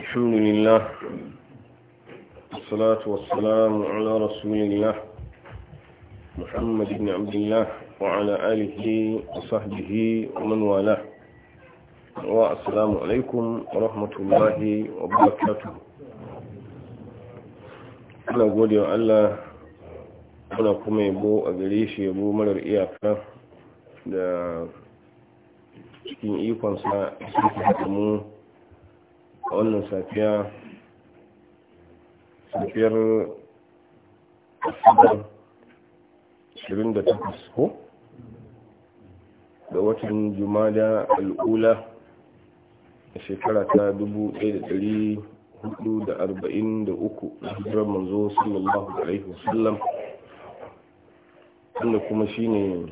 الحمد لله والصلاة والسلام على رسول الله محمد بن عبد الله وعلى آله وصحبه ومن والاه والسلام عليكم ورحمة الله وبركاته أنا أقول يا الله أنا كما يبو أبريش يبو مرر إياك da cikin ikonsa su mu a wannan safiya safiyar asibar 28 ko da watan jumada al'ula a shekara ta 1443 na hijirar manzo sallallahu alaihi wasallam wanda kuma shine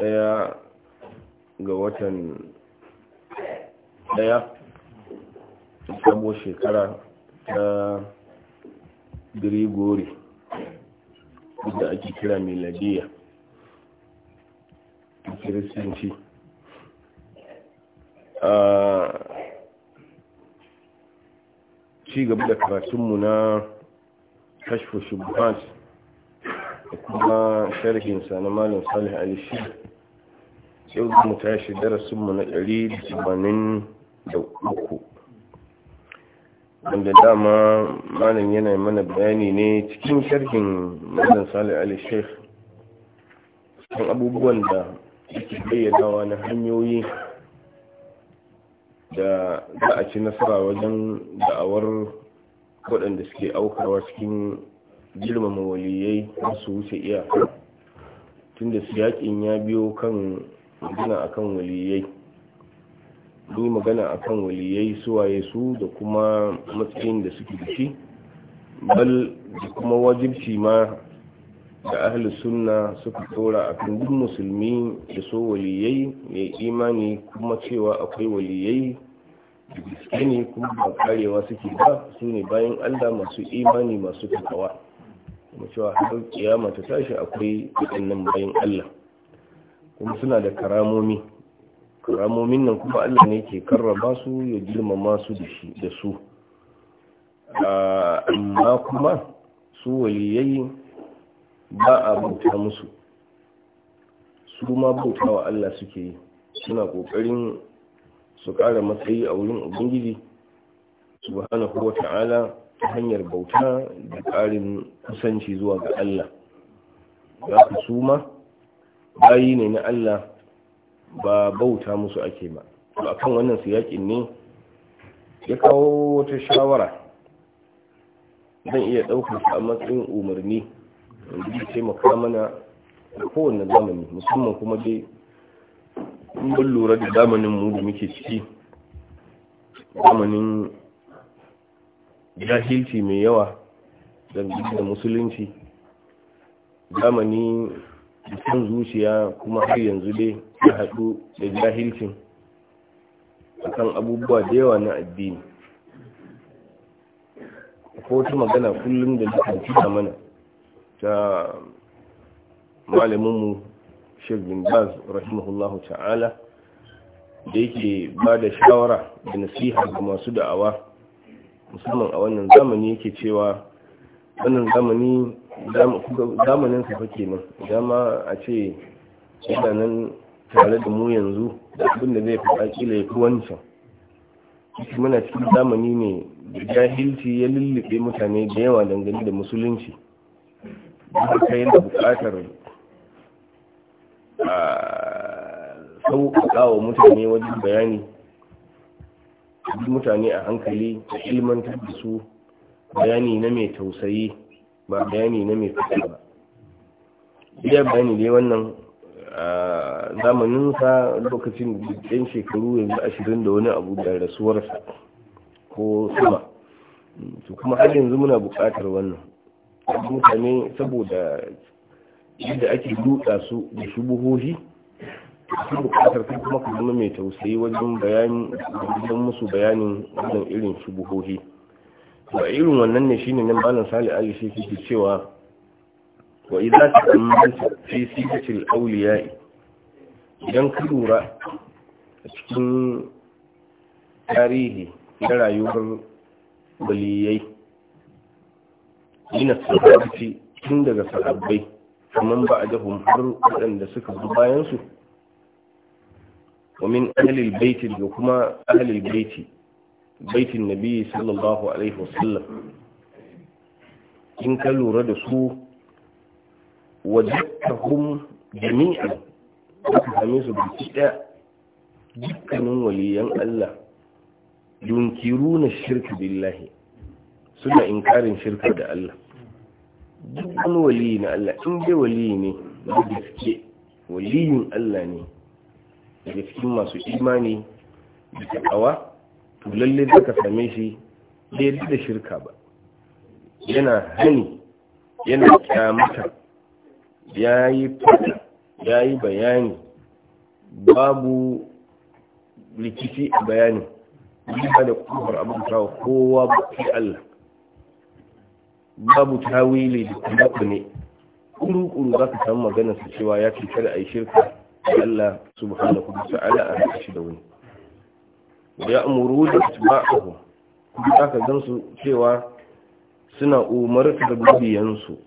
daya ga watan daya sun samo shekara ta gregory da ake kira miladiya a kiristanci a ci gaba da karatunmu na kashfu shubhat da kuma sharhinsa na malin salih alishi yau mu tashi darasinmu na 183 wanda dama malam yana mana bayani ne cikin sharhin madan salih al sheikh kan abubuwan da yake bayyanawa na hanyoyi da za a ci nasara wajen da'awar waɗanda suke aukarwa cikin girmama waliyai su wuce iyaka tunda su yaƙin ya biyo kan magana akan waliyai yi magana a kan waliyai suwaye su da kuma matsayin da suke da shi bal da kuma wajibci ma da ahli sunna suka tsora akan duk musulmi da so waliyai mai imani kuma cewa akwai waliyai da gaske ne kuma ba karewa suke ba su ne bayan allah masu imani masu takawa kuma cewa har kiyama ta tashi akwai waɗannan bayan allah kuma suna da karamomi karamomin nan kuma Allah ne ke karrama su ya girmama su da su amma kuma su waliyai ba a bauta musu su ma bauta wa Allah suke yi suna kokarin su ƙara matsayi a wurin ubangiji subhanahu wa ta'ala ta hanyar bauta da ƙarin kusanci zuwa ga Allah za su ma bayi ne na Allah ba bauta musu ake ba a kan wannan yaƙin ne ya kawo wata shawara zan iya ɗaukar a matsayin umarni wanda zai taimaka mana a kowane zamani musamman kuma dai in bin lura da zamanin mu da muke ciki zamanin jahilci mai yawa dangane da musulunci zamani da zuciya kuma har yanzu dai ya haɗu da jahilcin akan abubuwa da yawa na addini ko wata magana kullum da dukkan da mana ta malaminmu shirin baz rahimahullahu ta'ala da yake ba da shawara da nasiha ga masu da'awa musamman a wannan zamani yake cewa wannan zamani zamanin safa kenan dama a ce yana nan tare da mu yanzu da abin da zai faɗa kila ya fi wancan muna cikin zamani ne da jahilci ya lullube mutane da yawa dangane da musulunci haka yadda buƙatar sauƙaƙa wa mutane wajen bayani duk mutane a hankali da ilmantar da su bayani na mai tausayi ba bayani na mai fita ba iya bayani dai wannan zamanin sa lokacin yan shekaru yanzu ashirin da wani abu da rasuwarsa ko sama su kuma har yanzu muna buƙatar wannan mutane saboda yadda ake dutsa su da shubuhohi sun buƙatar kai kuma ka zama mai tausayi wajen bayanin musu bayanin wannan irin shubuhohi a irin wannan ne shine nan malam sali ali shi ke cewa wa idza ta'ammalta fi sifatil awliya idan ka lura a cikin tarihi na rayuwar waliyai ina sahabati tun daga sahabbai kamar ba a jahun har waɗanda suka zo bayansu wa min ahlil baiti da kuma ahlil baiti baitin nabi sallallahu alaihi wasallam in ka lura da su wajattahum jami'an aka same su baki ɗaya dukkanin waliyan Allah yunkiruna shirka billahi suna inkarin shirku da Allah dukkan wani waliyi na Allah in dai waliyi ne na gaske waliyin Allah ne daga cikin masu imani da takawa to lalle zaka same shi bai da shirka ba yana hani yana kyamata ya yi bayani babu rikici a bayani ba da kofar abinta kowa ba fi Allah babu tawili da kuma ne kuru-kuru za ka samu maganar su cewa ya ce kada a yi shirka da Allah subhanahu wa ta'ala a rikici shi da wani ya amuru da atba'ahu kuma za ka gan su cewa suna umartar mabiyansu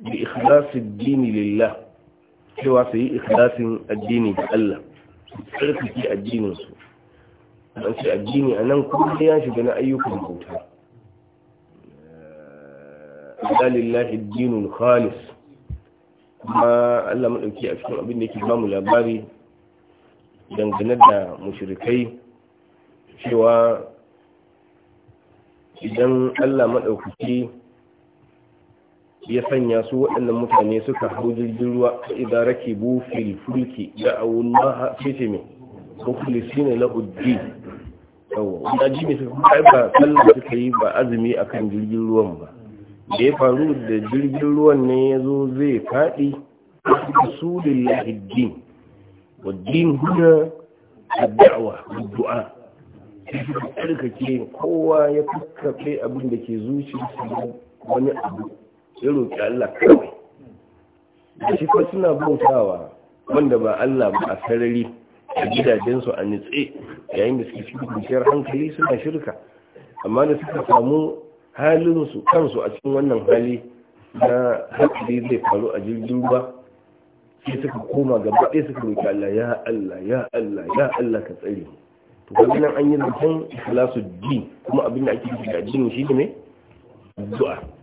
bi ikhlasin dini lillah cewa su yi ikhlasin addini ga Allah tsarkake addininsu an ce addini a nan kuma ya shiga na ayyukan bauta lillahi addinul khalis kuma Allah dauki a cikin abin da yake ba mu labari dangane da mushrikai cewa idan Allah maɗaukaki ya sanya su waɗannan mutane suka hau jirgin ruwa idara ke fil fulki da'u Allah fitimi mukhlisina ne ad-din yawa da mai suka kai ba sallah suka yi ba azumi a kan jirgin ruwan ba da ya faru da jirgin ruwan ne ya zo zai faɗi? rasulillahi su da wad-din huna a da'awa da dua suka kowa ya kakkafe abin da ke zuciyarsa wani abu ya roƙi Allah kawai da shi fa suna bautawa wanda ba Allah ba a sarari a gidajensu a nitse yayin da suke cikin kwanciyar hankali suna shirka amma da suka samu halinsu kansu a cikin wannan hali na hankali zai faru a jirgin ruwa sai suka koma gaba ɗaya suka roƙi Allah ya Allah ya Allah ya Allah ka tsare to kuma nan an yi zancen ikhlasu din kuma abin da ake yi a addini shi ne addu'a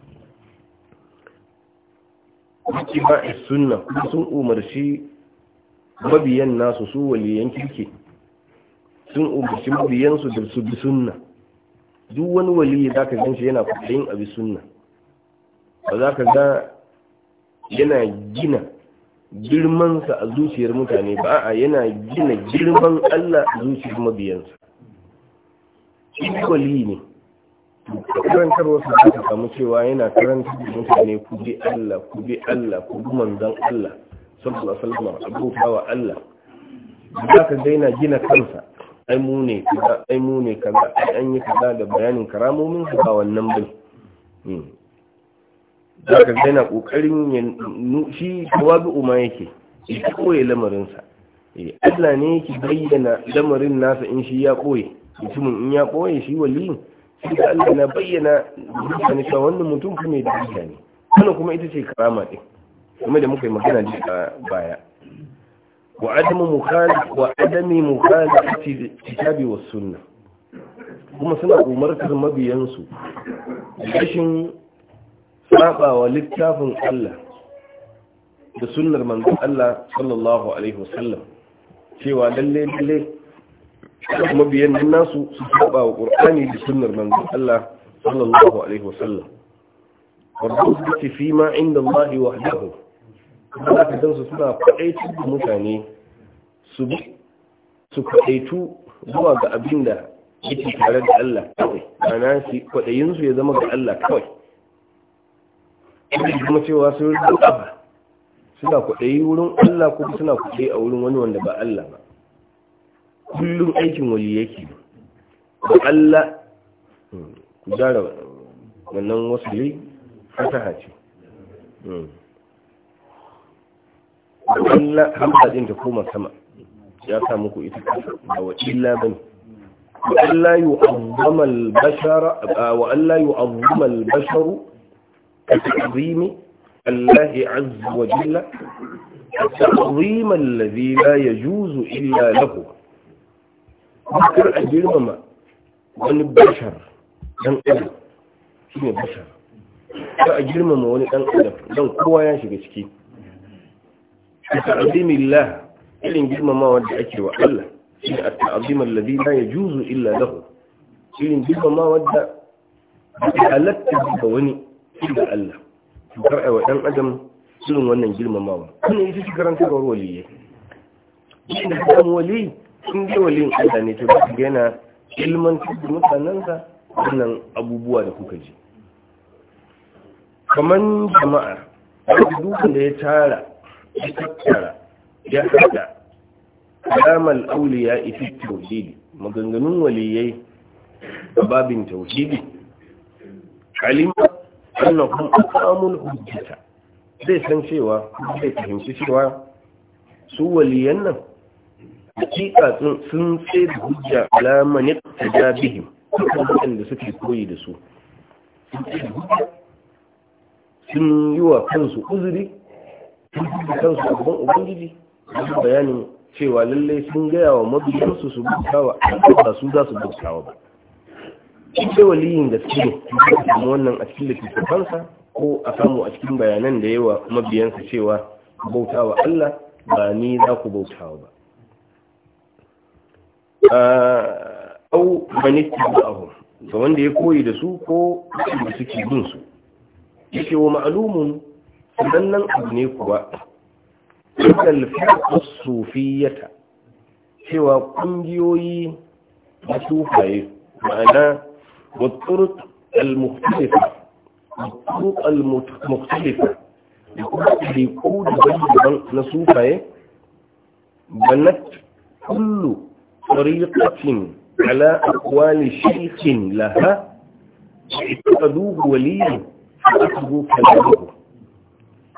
wacce ba a suna sun umarci mabiyan nasu su waliyan kirki sun umarci mabiyansu da su bi suna duk wani waliyi za ka gan shi yana kwaɗayin abi suna ba za ka ga yana gina girmansa a zuciyar mutane ba a yana gina girman allah a zuciyar mabiyansa shi waliyi ne karantar wasu za ta samu cewa yana karanta da mutane ku bi Allah ku bi Allah ku bi manzon Allah sallallahu alaihi wasallam abuta wa Allah za ka daina gina kansa ai mu ne kaza ai mu ne kaza ai an yi kaza da bayanin karamomin su ba wannan bane hmm. za ka daina kokarin ya shi tawabi'u ma yake ya koye lamarinsa eh, Allah ne yake bayyana lamarin nasa in shi ya koyi mutumin in ya koyi shi waliyin inda Allah na bayyana mutane cewa wannan mutum kuma da daraja ne wannan kuma ita ce karama din kuma da muka yi magana ji a baya wa adamu mukhalif wa adami mukhalifati kitabi wa sunna kuma suna umartar mabiyansu rashin sabawa littafin Allah da sunnar manzon Allah sallallahu alaihi wasallam cewa lalle lalle biyan nan nasu su saba wa qur'ani da sunnar manzo Allah sallallahu alaihi wasallam warzuki fi ma inda Allah wahdahu kuma ka dan su suna faɗaitu da mutane su bi su faɗaitu zuwa ga abin da yake tare da Allah kawai ana shi kwaɗayin su ya zama ga Allah kawai kuma cewa sun rubuta suna kwaɗayi wurin Allah kuma suna kwaɗayi a wurin wani wanda ba Allah ba kullum aikin wali yake Allah hmm, ku jara wannan wasu ne fasaha ce hmm. Allah hamsa din ta koma sama ya sa muku ita ba wa illa bane وألا basharu? A وألا Allah البشر كتعظيم الله عز وجل التعظيم الذي ya juzu illa له kar a girmama wani bashar dan adam shi ne bashar kar a girmama wani dan adam don kowa ya shiga ciki a ta'azimillah irin girmamawa da ake wa Allah shi ne a ta'azimar ladi la ya juzu illa lahu irin girmamawa da ake halatta ga wani shi Allah kar a wa dan adam irin wannan girmamawa wannan ita shi karantarwar waliyai shi da wali in dai walin Allah ne to ba yana ilmantar da mutanensa wannan abubuwa da kuka ji kaman jama'a dukkan da ya tara ya tattara ya hada alamal auliya ifi tauhidi maganganun waliyai da babin tauhidi kalima annahum Samun Hujjita zai san cewa zai fahimci cewa su waliyan nan hakika sun sai da hujja alamani ta bihim kan da suke koyi da su sun yi wa kansu uzuri sun yi kansu abin ubangiji sun bayanin cewa lallai sun gaya wa mabiyansu su bauta wa ba su za su bauta wa ba sai waliyin gaske ne kuma wannan a cikin littattafansa ko a samu a cikin bayanan da yawa mabiyansa cewa bauta wa Allah ba ni za ku bauta wa ba au manitti ba'ahu ga wanda ya koyi da su ko da suke bin su yake wa ma'alumun sannan abu ne kuwa kalfar sufiyata cewa kungiyoyi na sufaye ma'ana watturut al-mukhtalifa watturut al-mukhtalifa da kuma ɗaiku daban-daban na sufaye banat kullu طريقة على أقوال شيخ لها اتخذوه وليه فأخذوا كلامه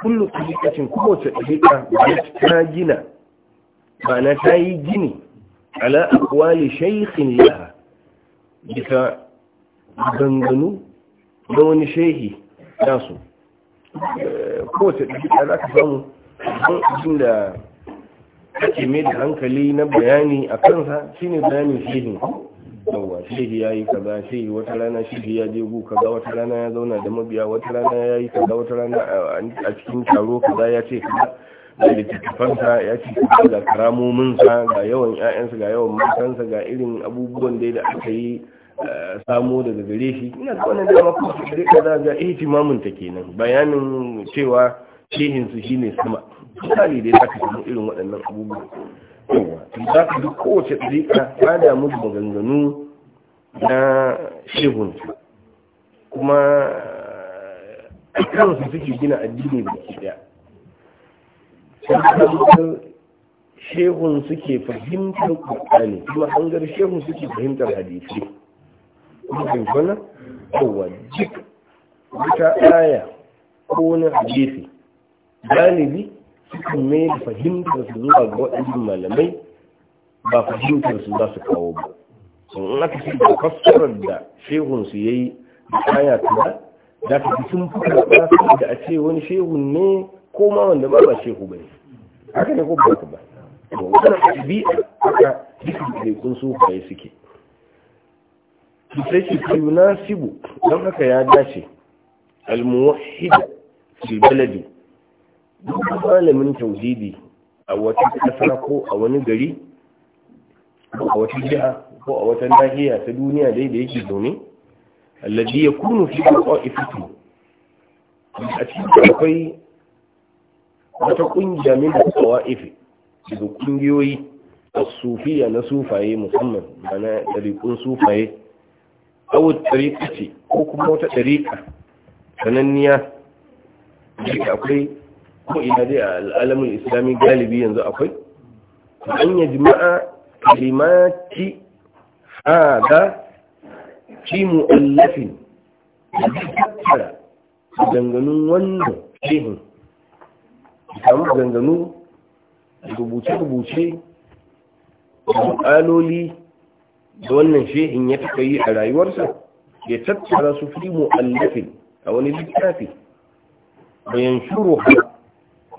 كل طريقة قوة طريقة محتاجنا معنى تايجني على أقوال شيخ لها بك غنغنو دون شيخي ناسو قوة طريقة لا تفهموا abin da ake mai da hankali na bayani a kansa shine bayanin shehin wa shehi ya yi kaza shehi wata rana shehi ya je guka kaza wata rana ya zauna da mabiya wata rana ya yi kaza wata rana a cikin taro kaza ya ce kaza da littattafansa ya ce kaza ga karamominsa ga yawan 'ya'yansa ga yawan matansa ga irin abubuwan da da aka yi eh, samo daga gare shi ina da wannan dama kuma gare kaza ga ihtimamin ta kenan bayanin cewa shehin su shine sama misali dai za ka samu irin waɗannan abubuwa za ka duk kowace ɗariƙa ta damu da maganganu na shehunsu kuma a su suke gina addini da ke ɗaya sun shehun suke fahimtar ƙwaƙani kuma hangar shehun suke fahimtar hadisi kuma kwanan kowa duk wata ɗaya ko wani hadisi galibi sukan mai da fahimtar su zuwa ga waɗannan malamai ba fahimtar su za su kawo ba sun aka ce da fassarar da shehun su yi da kaya ta da ka fi sun fi karɓa da a ce wani shehun ne ko ma wanda ba ba shehu ba ne haka ne ko ba ka ba wannan ɗabi'a haka dukkan ɗaikun sufaye suke sai ce nasibu don haka ya dace Al almuwahida fi baladi duk malamin tauhidi a wata ƙasa ko a wani gari a wata jiha ko a wata nahiya ta duniya dai da yake zaune alladhi yakunu fi qa'ifatin a cikin akwai wata kungiya min qawa'if daga kungiyoyi as-sufiyya na sufaye musamman bana dariqun sufaye aw tariqa ce ko kuma wata dariqa sananniya da akwai ko ina dai a al'alamin islami galibi yanzu akwai an yi jima'a kalimati haɗa fi allafin, da ganganun wannan shehin samu ganganu, rubuce-rubuce aloli da wannan shehin ya taɓa yi a rayuwarsa ya tattara su fi mu'allafin a wani littafi bayan shuru haka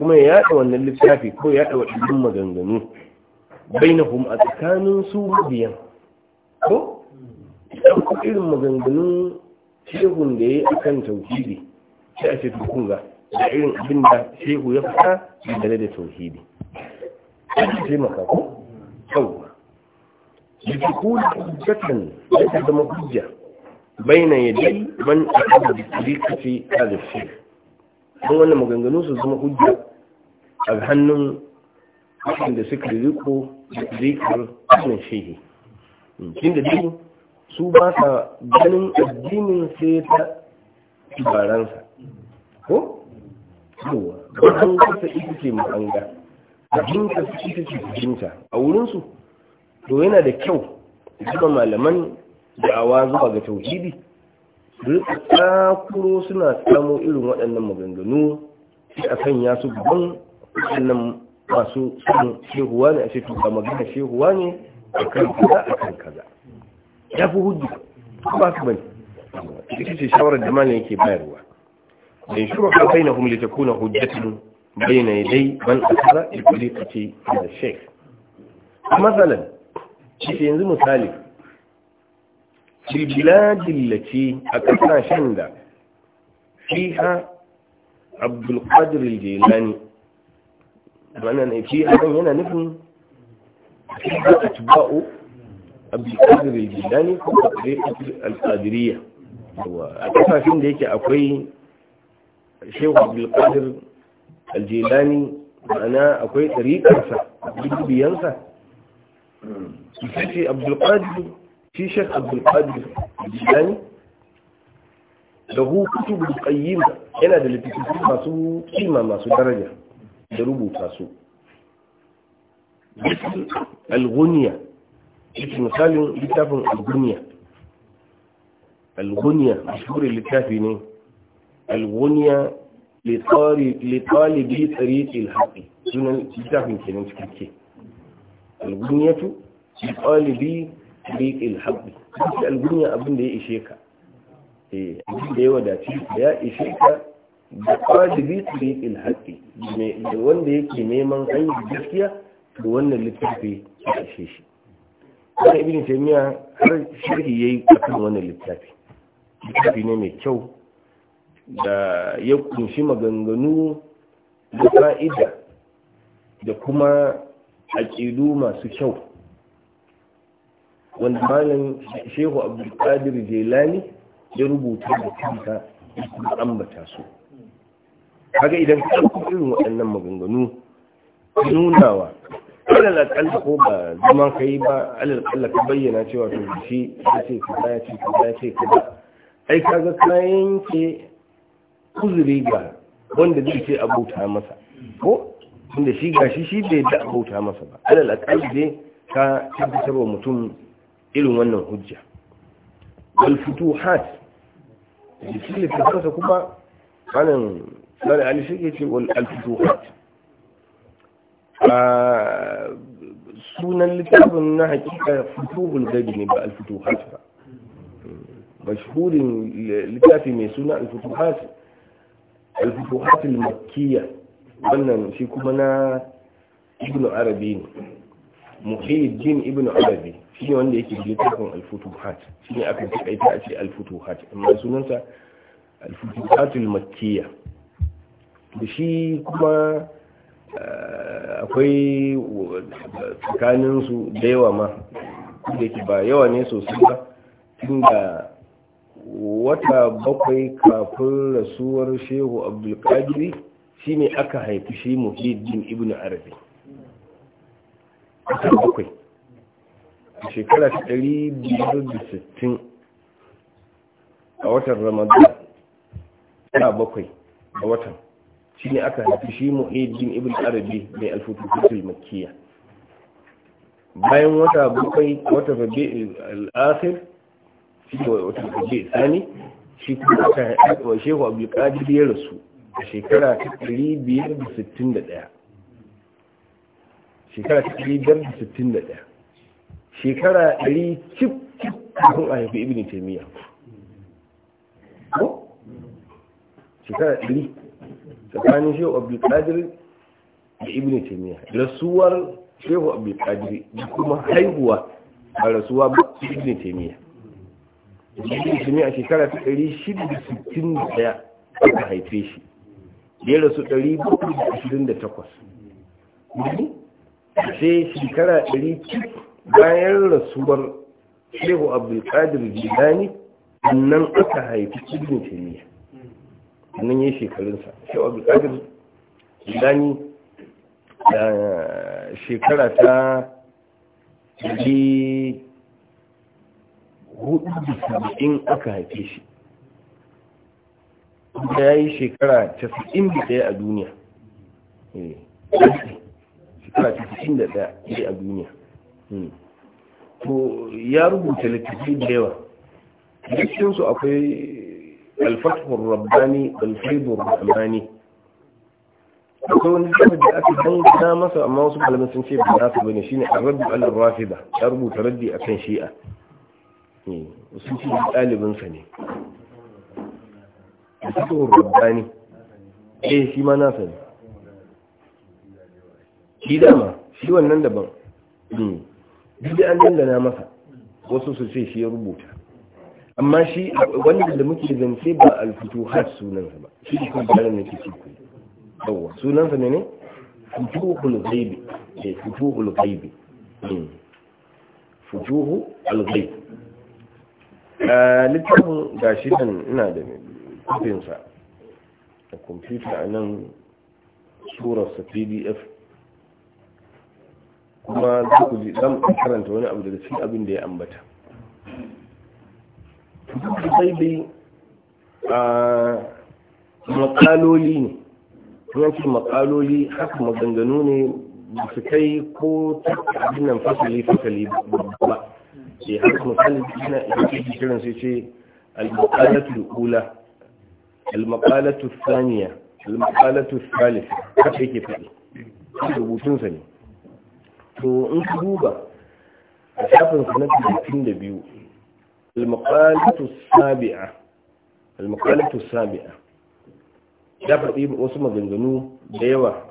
kuma ya yada wannan littafi ko ya yada waɗannan maganganu bainahum a tsakanin su mabiyan ko irin maganganun shehun da ya yi akan tauhidi sai a ce tukun da irin abin da shehu ya fita dangane da tauhidi ce taimaka ko sauwa yadda hujjatan da ta zama hujja baina dai ban a kan da tsirikaci a da shi don wannan maganganu su zama hujja a hannun da suka riko zikar wannan shehi cin da duk su ba sa ganin addinin sai ta tubaransa ko? yawa wajen kasa ita ce mahanga abinta su ita ce fahimta a wurinsu to yana da kyau zuba malaman da'awa zuwa ga tauhidi rika tsakuro suna tsamo irin waɗannan maganganu sai a sanya su gaban wannan masu sun shehuwa ne a ce tuka magana shehuwa ne a kan kaza a kan kaza ya fi ko ba su bane ita ce shawarar da malin yake bayarwa da shuru ka bayyana hum litakuna hujjatun a yadai man asara bi tariqati da shek masalan shi yanzu misali بالبلاد التي أكثر da. فيها عبد القادر wannan shi hakan yana nufin shi a atba'u abdul qadir al-jilani ko al-qadiriyya a kasashen da yake akwai shehu abdul qadir al-jilani ma'ana akwai tariƙarsa bibiyansa ita ce abdul qadir shi shek abdul qadir jilani da hukutu bil qayyim yana da littattafai masu kima masu daraja Da rubuta su al-ghunya misalin littafin al-ghunya al-ghunya mashhurin littafi ne al-ghunya litalibi tsariƙi haƙi sunan littafin kenan cikakke al-ghunyatu litalibi tsariƙi haƙi kuma al-ghunya abin da ya ishe ka eh abin da ya wadace ya ishe ka da ƙwajibi tariƙin da wanda yake neman hanyar gaskiya da wannan littafi a ƙashe shi wani ne taimiyya har shirki ya yi ƙasar wannan littafi littafi ne mai kyau da ya kunshi maganganu da fa'ida da kuma aƙidu masu kyau wanda malam shehu abdulkadir jelani ya rubuta da kanta ya ambata su kaga idan ka ɗauki irin waɗannan maganganu nunawa alal akalla ko ba zama ka yi ba alal akalla ka bayyana cewa to shi ya ce ka ya ce ka ya ce ka ba ai kaga kayan ke kuzuri ga wanda zai ce abota masa ko wanda shi gashi shi bai da abota masa ba alal akalla dai ka tabbatar wa mutum irin wannan hujja wal futuhat shi littafansa kuma wannan sai ali shi ke ce wal alfutuhat ah, sunan littafin na hakika futuhul gadi ne ba alfutuhat ba mashhurin littafi mai suna alfutuhat alfutuhat almakkiya wannan shi kuma na ibnu arabi ne muhyiddin ibnu arabi shi ne wanda yake littafin alfutuhat shi ne aka taƙaita a ce alfutuhat amma sunansa alfutuhat almakkiya da shi kuma eh, akwai tsakaninsu da yawa ma da ke ba yawa ne sosai ba tun da wata bakwai kafin rasuwar shehu abdulkadiri shi ne aka haifi shi muhiddin ibn arabi wata bakwai a shekara sittin, a watan ramadan ta bakwai a watan shi ne aka haifi shi mu'ayyadin ibn arabi mai alfututul makkiya bayan wata bukai wata fabe al'asir shi ne wata fabe sani shi kuma aka haifi wa shehu abu kadir ya rasu a shekara ta 561 shekara ta 561 shekara 100 cif kun a haifi ibn taimiyya shekara 100 tsakanin shehu abdulkadir da ibn taimiyya rasuwar shehu abdulkadir da kuma haihuwa a rasuwa ba ibn taymiya ibn taimiyya a shekara ta 661 aka haife shi ya rasu 728 sai shekara 100 bayan rasuwar shehu abdulkadir jirani nan aka haifi ibn taimiyya nan ya shekarunsa shau ƙadir zani da eh, shekara ta ɗari hudu da saba'in aka haife shi da ya yi shekara casa'in da ɗaya a duniya eh, shekara casa'in da ɗaya a duniya hmm. to ya rubuta littattafai da yawa cikinsu akwai alfathur rabbani alfaidur rahmani akwai wani littafi da aka dangana masa amma wasu malamai sun ce ba nasu bane shine arraddu alal rafida ya rubuta raddi akan shi'a eh, sun ce ɗalibin sa ne alfathur rabbani eh shi ma nasa ne shi dama shi wannan daban hmm. duk da an dangana masa wasu su ce shi ya rubuta amma shi wannan da muke zance ba alfutu futuhat sunansa ba shi ne kuma bayanin da kike ku yawa sunansa ne ne futuhul ghaibi eh futuhul ghaibi hmm. futuhu al-ghaib ah, littafin gashi nan ina da kofin sa da computer a nan sa pdf kuma za ku ji dan karanta wani abu daga cikin abin da ya ambata sai bi makaloli ne yanki makaloli haka maganganu ne da su kai ko ta abin nan fasali fasali ba ce eh, haka misali yana yake kiran sai ce al-maqalatu ula al-maqalatu thaniya al-maqalatu salif haka yake faɗi rubutun rubutunsa ne to in ku duba a shafin sanatar 62 al-maqalatu sabi'a ya faɗi wasu maganganu da yawa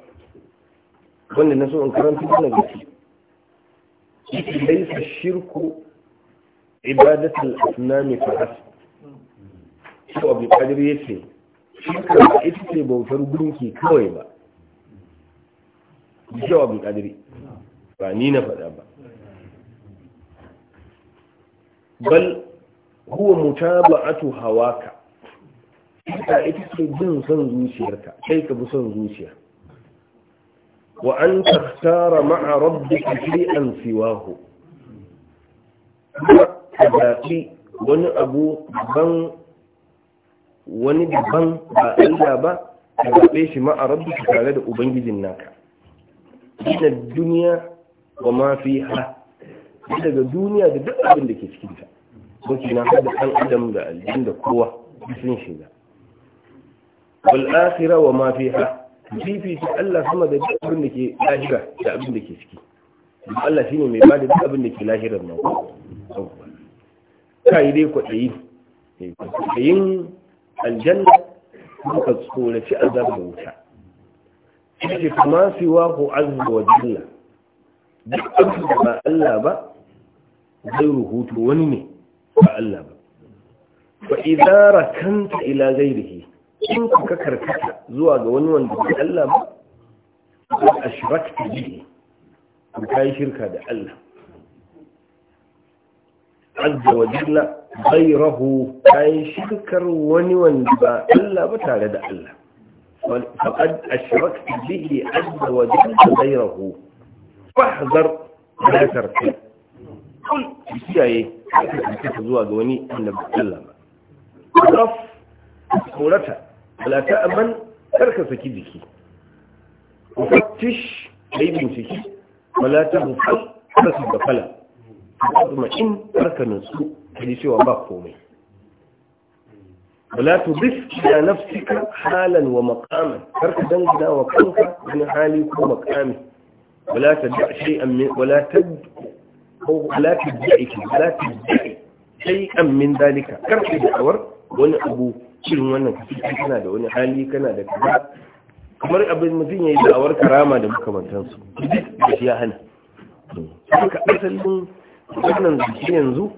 wanda na so in karanta Ita dai su shirku ibadatu al-asnami fa shi abu kadir ce, shirka ba ita ce bautar gunki kawai ba shi abu kadir ba ni na faɗa ba bal huwa mutaba'atu hawaka ita ita ce bin son zuciyarka sai ka bi son zuciya wa an tahtara ma'a rabbika shay'an siwahu ka zaɓi wani abu ban wani daban ba Allah ba ka zaɓe shi ma'a rabbika tare da ubangijin naka ina duniya wa ma fiha daga duniya da duk abin da ke cikinta doki na hada ɗan adam da aljin da kowa sun shiga wal akhira wa ma fiha fifita Allah sama da duk abin da ke lahira da abin da ke ciki Allah shi ne mai ba da duk abin da ke lahirar nan ka yi dai kwaɗayi eh, kwaɗayin aljanna kuma ka tsoraci azabar da wuta shi ce kama siwa ko azza wa jalla duk abin da ba Allah ba zai rubutu wani ne ba Allah ba fa idara kanta ila ghairihi in ka karkata zuwa ga wani wanda ba Allah ba ko ashrakta bihi ko kai shirka da Allah azza wa jalla kai shirkar wani wanda ba Allah ba tare da Allah فقد أشركت به عز وجل غيره فاحذر aka ɗauke ta zuwa ga wani wanda ba Allah ba raf tsorata wala ta aman karka saki jiki fattish da yi binciki. wala ta mufal karka gafala kuma in karka nutsu ka ji cewa ba komai wala tubis ila nafsika halan wa maqaman karka dangana wa kanka wani hali ko maqami wala tadda shay'an min wala tadda ko alafi da'i alafi da'i sai an dalika karfi da awar wani abu cin wannan kafi kana da wani hali kana da kaza kamar abin mutum ya da awar karama da makamantansu duk da shi ya hana haka asalin wannan zuci yanzu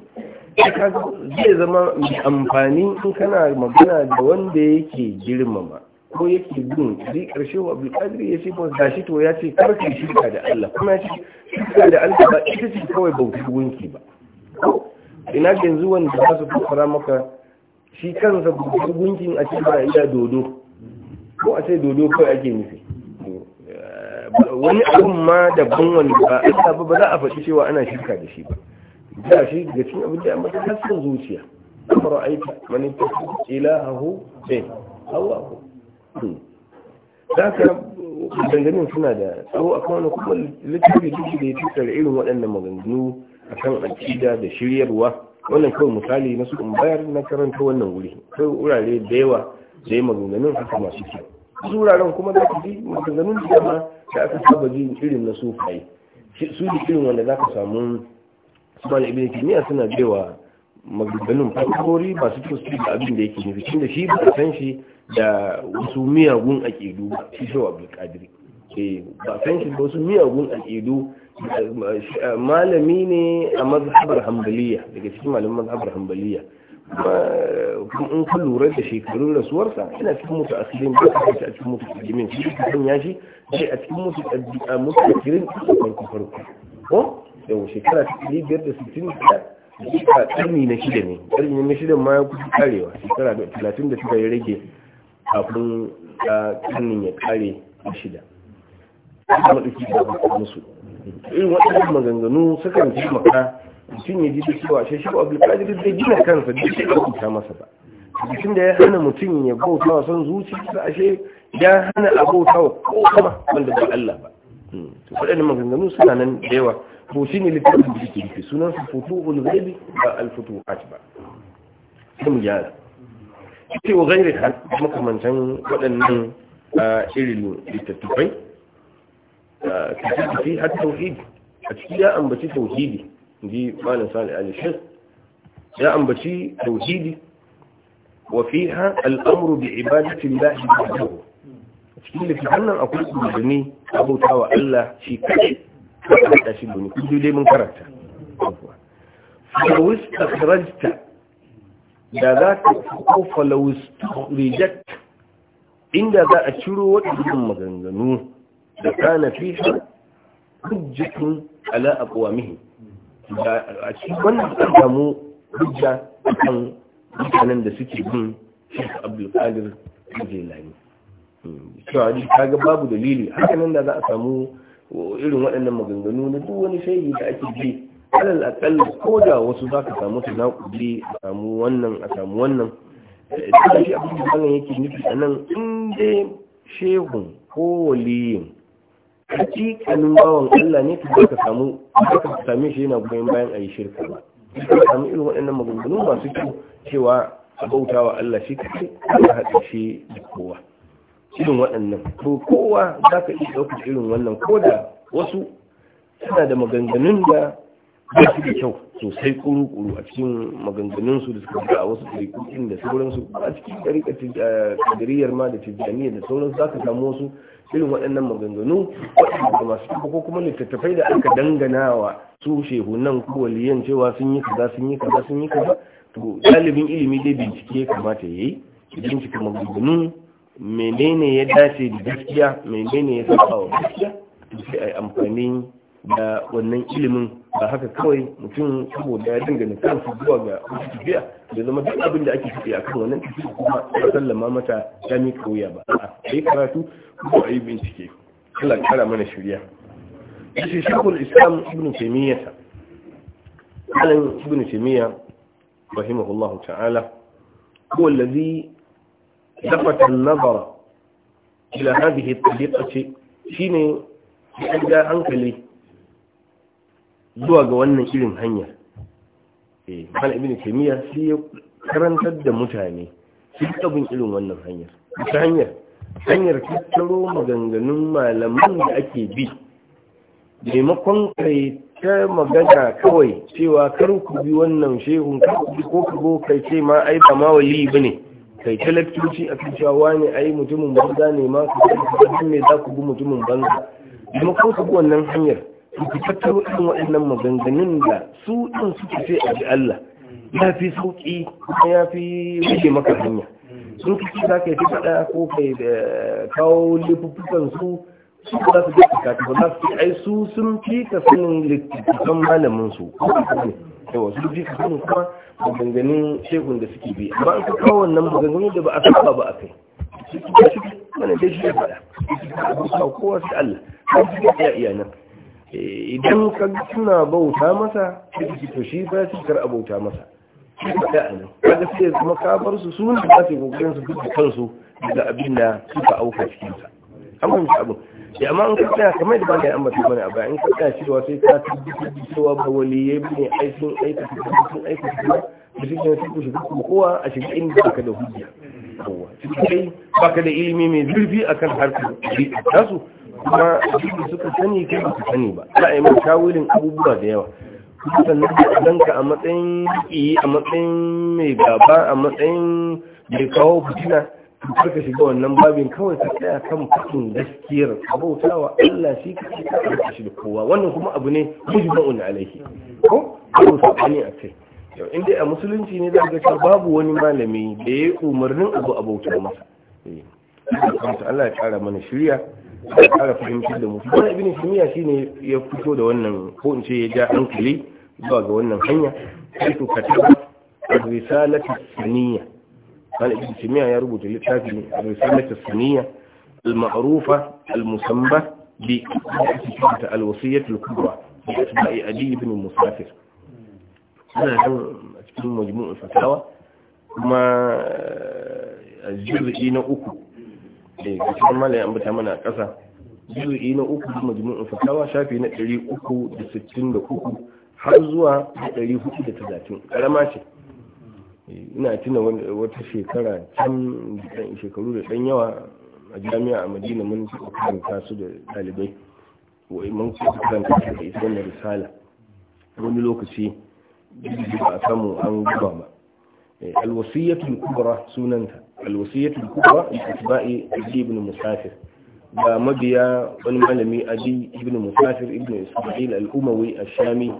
zai zama amfani in kana magana da wanda yake girmama ko yake bin zai karshe wa abdulkadir ya ce ba da shi to ya ce karfe shirka da Allah kuma ya ce shirka da Allah ba ita ce kawai bauta gunki ba ina ga zuwan da za su fara maka shi kansa bauta gunkin a cikin ba ida dodo ko a ce dodo kawai ake nufi wani abun ma daban wani ba Allah ba za a faɗi cewa ana shirka da shi ba da shi ga cikin abin da ya mata hasken zuciya kamar aika mani tafi ilahahu ce eh, Allah za hmm. ka maganganun suna da tsawo a kan kuma littafi duk da ya fitar irin waɗannan maganganu a kan aƙida da shiryarwa wannan kawai misali na su bayar na karanta wannan wuri kai wurare da yawa da ya maganganun haka masu kyau wasu wuraren kuma za ka ji maganganun da dama da aka saba ji irin na sufaye su da irin wanda za ka samu su ba da ibn kimiyya suna baiwa maganganun fasahori masu kyau su da abin da yake nufi tunda shi ba san shi da wasu miyagun aƙidu ba shi shi wa bilkadiri eh, ba san shi wasu miyagun aƙidu malami ne a mazhabar hambaliya daga cikin malamin mazhabar hambaliya kuma in ka lura da shekarun rasuwarsa yana cikin mutu a cikin ba a cikin cikin mutu ajimin shi ka sanya shi sai a cikin mutu a mutu a cikin farko farko ko yau shekara ta ɗari biyar da sittin da shekara ƙarni na shida ne ƙarni na shida ma ya kusa karewa shekara talatin da shida ya rage kafin kannin ya kare a shida kuma ɗauki da ba musu irin waɗannan maganganu sukan ji maka mutum ya ji da cewa shi shi abdulkadir zai gina kansa duk ba ta masa ba mutum da ya hana mutum ya bauta wa son a ashe ya hana a bauta wa kowa wanda ba Allah ba hmm, to waɗannan maganganu suna nan da yawa to shine littafin da yake rufe sunan futu futuhul ghaibi ba al-futuhat ba sai mu gyara ce wa gairi har makamantan waɗannan irin littattafai tafi har tauhidi a ciki ya ambaci tauhidi ji malam sani alishir ya ambaci tauhidi wa fiha al'amru bi ibadatin lahi a cikin littafin nan akwai kudurni abautawa Allah shi kaɗai ta shi duni kudu dai mun karanta فلو استخرجت da za ka kofa reject inda za a ciro waɗannan maganganu da kana fi hujjatun ala mihi da a cikin wannan an samu hujja kan mutanen da suke bin Sheikh Abdul Qadir Jilani cewa ta kaga babu dalili hakanan da za a samu irin waɗannan maganganu na duk wani shaidi da ake bi alal akal ko da wasu za ka samu ta naƙuri a samu wannan a samu wannan da shi abin da wannan yake nufi a nan in shehun ko waliyin cikin bawan Allah ne kuma ka samu ka same shi yana goyon bayan a yi shirka ba ka samu irin waɗannan magungunu masu kyau cewa a bauta wa Allah shi kace ka haɗa shi da kowa irin waɗannan to kowa za ka iya ɗaukar irin wannan ko da wasu suna da maganganun da ba su da kyau sosai kuru-kuru a cikin maganganunsu da suka fi a wasu tarikokin da sauransu a cikin ɗarikar kadiriyar ma da tijjaniya da sauransu za ka samu wasu irin waɗannan maganganu waɗanda masu kyau ko kuma littattafai da aka dangana wa su shehunan ko waliyan cewa sun yi kaza sun yi kaza sun yi kaza to ɗalibin ilimi dai bincike ya kamata ya yi bincika maganganun menene ya dace da gaskiya menene ya saba wa gaskiya to sai a yi amfani da wannan ilimin da haka kawai mutum saboda ya dangane su zuwa ga wata tafiya da zama duk abin da ake tafiya akan wannan tafiya kuma ya sallama mata ya miƙa wuya ba a yi karatu ko a yi bincike Allah kara mana shirya shi shakul islam ibn taimiyya alan ibn taimiyya rahimahullahu ta'ala هو الذي لفت النظر إلى هذه الطريقة ya عند hankali. zuwa ga wannan irin hanya e eh, mana ibnu taymiya sai ya karantar da mutane shi abin irin wannan hanyar ta hanyar hanyar tattaro maganganun malaman da ake bi maimakon kai ta magana kawai cewa kar ku bi wannan shehun kar ku bi ko ku go kai ce ma ai ba ma wali bane kai ta lakcoci a kan cewa wani ai mutumin banza ne ma ku ku me za ku bi mutumin banza maimakon ku bi wannan hanyar su ku tattaro irin waɗannan maganganun da su ɗin suke ce a ji Allah ya fi sauƙi kuma ya fi rage maka hanya sun fi za ka yi faɗa ko ka kawo laifukan su su za su daɗa ta ba za su ce ai su sun fi ka sanin littattafan malamin su yawa su fi ka sanin kuma maganganun shekun da suke bi amma an ka kawo wannan maganganun da ba a saba ba a kai su kuma shi mana dai shi ya faɗa kowa sai Allah su ya iya nan Eh, idan ka suna bauta masa to shi ba shi kar abauta masa ga sai kuma ka bar su su ne ba su kokarin su duka kansu daga abin da suka auka cikin sa an fahimci abin ya eh, amma in ka tsaya kamar da bani amma bata bane a baya in ka tsaya shi sai ka tabbatar da cewa ba wani bane aikin ai sun aika su da su ne su shi kuma kowa a in da ka da hujja kowa ba baka da ilimi mai zurfi akan harkar su kuma abinda suka sani kai ba su sani ba za a yi mai shawulin abubuwa da yawa kuma sannan da ɗanka a matsayin yi a matsayin mai gaba a matsayin mai kawo fitina kuma ka shiga wannan babin kawai ka tsaya kan fakin gaskiyar abautawa Allah shi ka ce ka shi da kowa wannan kuma abu ne mujma'un alaihi ko abu sabani a kai yau in dai a musulunci ne za ka babu wani malami da ya umarnin abu abauta eh, masa Allah ya kara mana shirya da ƙara fahimtar da mu wani ibn taymiya shine ya fito da wannan ko in ce ya ja hankali zuwa ga wannan hanya sai to kataba risalatu sunniya wani ibn taymiya ya rubuta littafi ne risalatu sunniya al-ma'rufa al-musamma bi al-wasiyyah al-kubra bi atba'i ali ibn musafir ana nan cikin majmu'ul fatawa kuma eh, juz'i na uku da eh, ga cikin malaya ambata mana ƙasa juzu'i na uku da majmu'in fatawa shafi na 363 har zuwa 430 karama ce eh, ina tuna wata shekara can shekaru da ɗan yawa a jami'a a madina mun karanta su da ɗalibai mun karanta su da da risala wani lokaci ba a samu an guba ba eh, alwasiyyatul kubra sunanta alwasiyatul kubra li atba'i ibn musafir ga mabiya wani malami ali ibn musafir ibn isma'il al-umawi ash-shami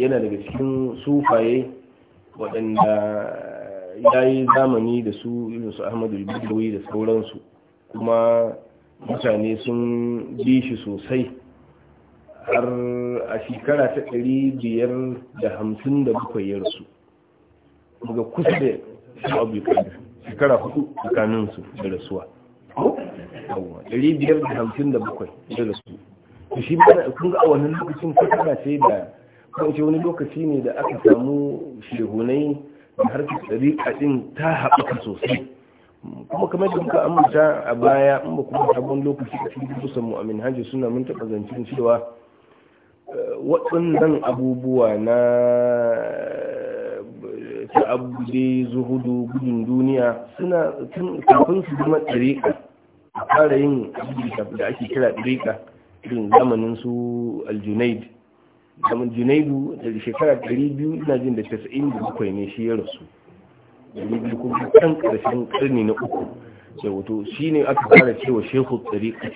yana daga cikin sufaye waɗanda ya yi zamani da su irin su ahmadu al da sauransu kuma mutane sun ji shi sosai har a shekara ta ɗari biyar da hamsin da bakwai yarsu daga kusa da shekara hudu tsakanin da rasuwa ɗari biyar da hamsin da bakwai rasu shi ba a wannan lokacin fatara ce da kawance wani lokaci ne da aka samu shehunai da harkar ɗariƙa ɗin ta haɓaka sosai kuma kamar da muka amurta a baya in ba kuma sabon lokaci a cikin kusan mu'amin hajji suna mun taɓa zancen cewa eh, waɗannan abubuwa na ta'abudi zuhudu gudun duniya suna kafin su zama ɗariƙa a fara yin abu da ake kira ɗariƙa irin zamanin su aljunaid zaman junaidu da shekara biyu ina jin da bakwai ne shi ya rasu biyu kuma kan ƙarshen ƙarni na uku da wato shi ne aka fara cewa shehu ɗariƙa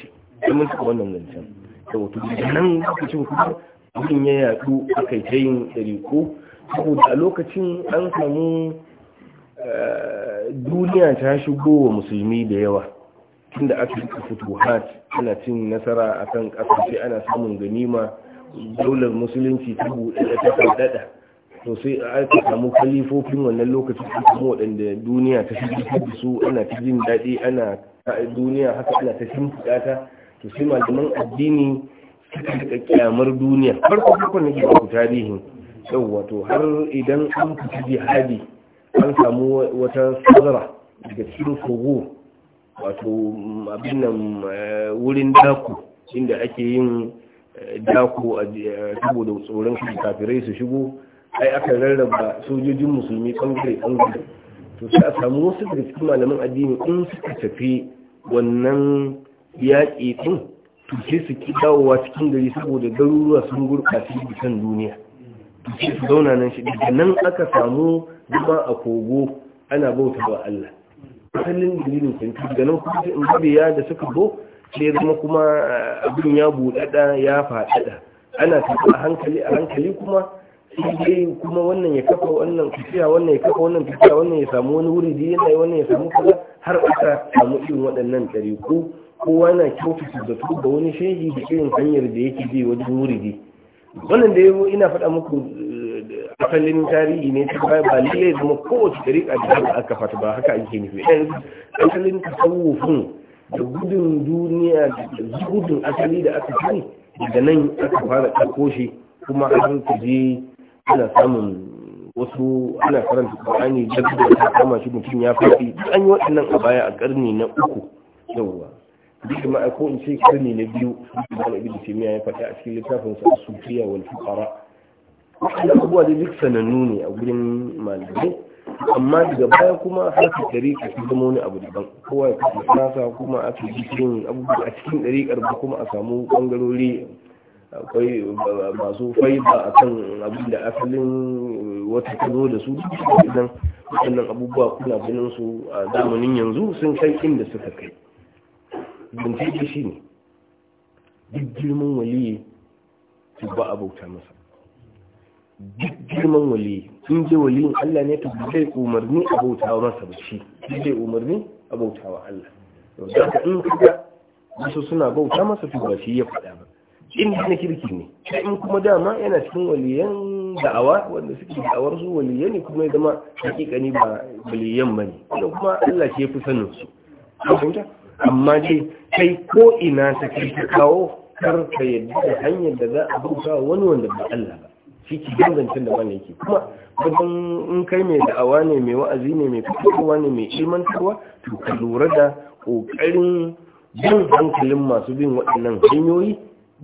ce mun su wannan zancen da wato da nan lokacin kuma abin ya yaɗu aka yi ta yin ɗariƙo saboda lokacin an samu eh, duniya ta shigo wa musulmi da yawa tunda aka yi futuhat ana cin nasara a kan kasashe ana samun ganima daular musulunci ta buɗe ta faɗaɗa to sai aka samu kalifofin wannan lokacin su kuma waɗanda duniya ta shigo da su ana ta jin daɗi ana duniya haka ana ta shimfiɗa ta to sai malaman addini suka kyamar duniya farko farko nake ba ku tarihin yau wato har idan an fita jihadi an samu wata sadara daga cikin kogo wato abin nan eh, wurin daku inda ake yin eh, dako eh, saboda tsoron kafirai su shigo ai aka rarraba sojojin musulmi bangare bangare to sai a samu wasu daga cikin malaman addini in suka tafi wannan yaƙi din to sai su ki dawowa cikin gari saboda garuruwa sun gurɓace bisan duniya su zauna nan shi daga nan aka samu zuba a kogo ana bauta wa Allah asalin dalilin sun daga nan kuma in ya da suka zo sai zama kuma eh, abin ya buɗaɗa ya faɗaɗa ana tafi a hankali a hankali kuma sai kuma wannan ya kafa wannan tafiya wannan ya kafa wannan tafiya wannan ya samu wani wuri da yana wannan ya samu kaza har aka samu irin waɗannan dariku kowa na kyautata da tuba wani shehi da irin hanyar da yake bi wajen wuridi wannan da yawo ina faɗa muku eh, asalin tarihi ne ta ba lalle zama kowace tariƙa da ba aka fata ba haka ake nufi eh, asalin tasawufin da gudun duniya da gudun asali da aka fi daga nan aka fara ɗauko shi kuma an ka je ana samun wasu ana karanta ƙwa'ani da ta kama shi mutum ya faɗi an yi waɗannan a baya a ƙarni na uku yauwa duk da ma'aiko in karni na biyu da ibn taymiya ya faɗa a cikin littafin sa sufiya wal fuqara wannan abubuwa da duk sanannu ne a gurin malamai amma daga baya kuma haka dariƙa ta zama wani abu daban kowa ya kafa nasa kuma a ji abubuwa a cikin dariƙar ba kuma a samu ɓangarori akwai masu faiba a kan abin da asalin wata kano da su idan waɗannan abubuwa kuna ganin su a zamanin yanzu sun kai inda suka kai zance da shi ne duk girman wali su ba a bauta masa duk girman wali in je waliyin Allah ne to zai umarni a bauta wa masa bashi zai umarni a bauta wa Allah da ka in kaga wasu suna bauta masa to ba shi ya faɗa ba in na kirki ne in kuma dama yana cikin waliyan da'awa wanda suke da'awar su waliyan ne kuma ya zama ni ba waliyan bane kuma Allah ke fi sanin su amma dai kai ko ina ta kai ta kawo kar ka yadda da hanyar da za a bauta wani wanda ba Allah ba shi ke gangancin da wani yake kuma wajen in kai mai da'awa ne mai wa'azi ne mai fitowa ne mai ilmantarwa to ka lura da kokarin bin hankalin masu bin waɗannan hanyoyi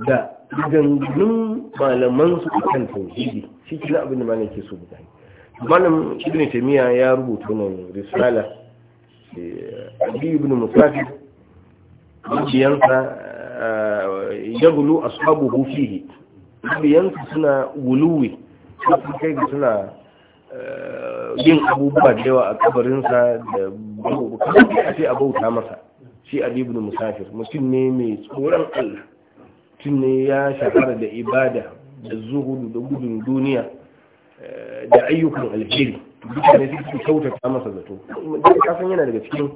da gangunin malaman su kan tauhidi shi ke na abin da mana ke so mutane malam ibn taymiya ya rubuta wannan risala eh, Ali ibn Musafir zuciyarsa eh, ya gulu a sabu hufihi suna wuluwi kai suna eh, yin abubuwa da yawa a kabarinsa da babu a ce a bauta masa shi alibu musafir mutum ne mai tsoron allah mutum ne ya shahara da ibada da zuhudu da gudun duniya eh, da ayyukan alheri duka ne su kyautata masa zato kasan yana daga cikin